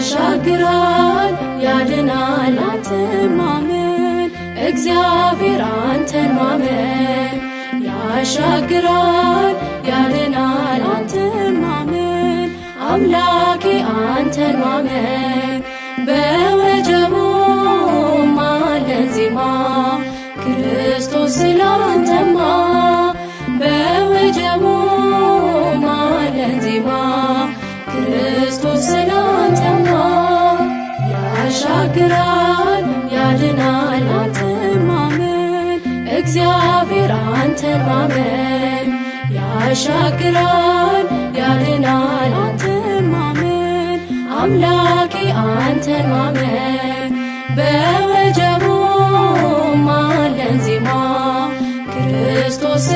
ያሻግራል፣ ያድናል። አንተን ማመን እግዚአብሔር አንተን ማመን ያሻግራል፣ ያድናል። አንተን ማመን አምላኬ አንተን ማመን በወጀቡ ማለን ዜማ ክርስቶስ ስላንተማ በወጀቡ ያሻግራል ያድናል አንተን ማመን እግዚአብሔር አንተን ማመን ያሻግራል በወጀቡ ማለን ዜማ ክርስቶስ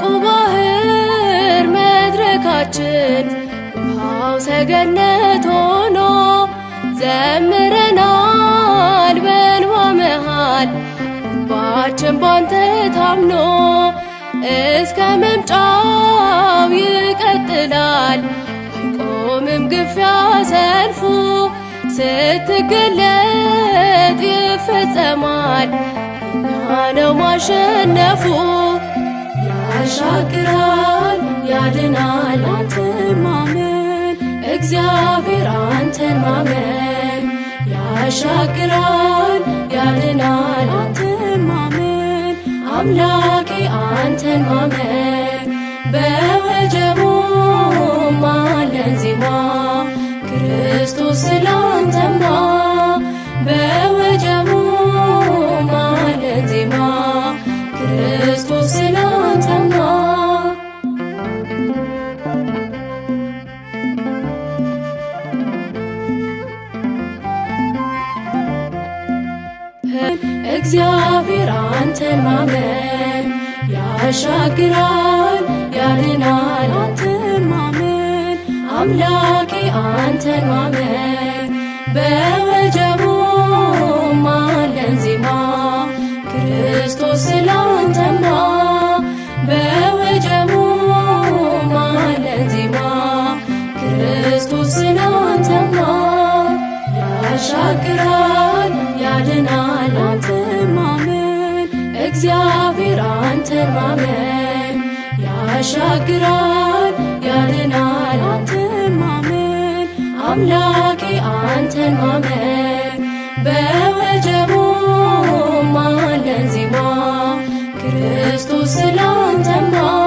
ትልቁ ባህር መድረካችን ውሃው ሰገነት ሆኖ ዘምረናል በንዋ መሃል ልባችን ባንተ ታምኖ እስከ መምጫው ይቀጥላል አይቆምም ግፊያ ሰልፉ ስትገለጥ ይፈጸማል እኛ ነው ማሸነፉ ያሻግራል ያድናል አንተን ማመን እግዚአብሔር አንተን ማመን ያሻግራል ያድናል አንተን ማመን አምላኬ አንተን ማመን በወጀቡ ማለን ዜማ ክርስቶስ ስላንተማ እግዚአብሔር አንተን ማመን ያሻግራል ያድናል። አንተን ማመን አምላኬ አንተን ማመን በወጀቡ ማለን ዜማ ክርስቶስ እግዚአብሔር አንተን ማመን ያሻግራል ያድናል አንተን ማመን አምላኬ አንተን ማመን በወጀቡ ማለን ዜማ ክርስቶስ ስላንተማ